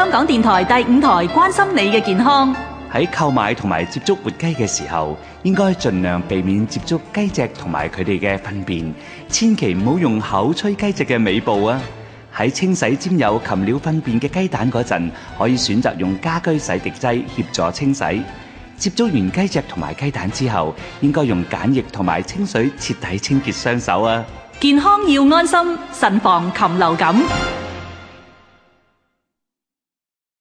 香港電台第五台關心你嘅健康。喺購買同埋接觸活雞嘅時候，應該盡量避免接觸雞隻同埋佢哋嘅糞便，千祈唔好用口吹雞隻嘅尾部啊！喺清洗沾有禽鳥糞便嘅雞蛋嗰陣，可以選擇用家居洗滌劑協助清洗。接觸完雞隻同埋雞蛋之後，應該用梘液同埋清水徹底清潔雙手啊！健康要安心，慎防禽流感。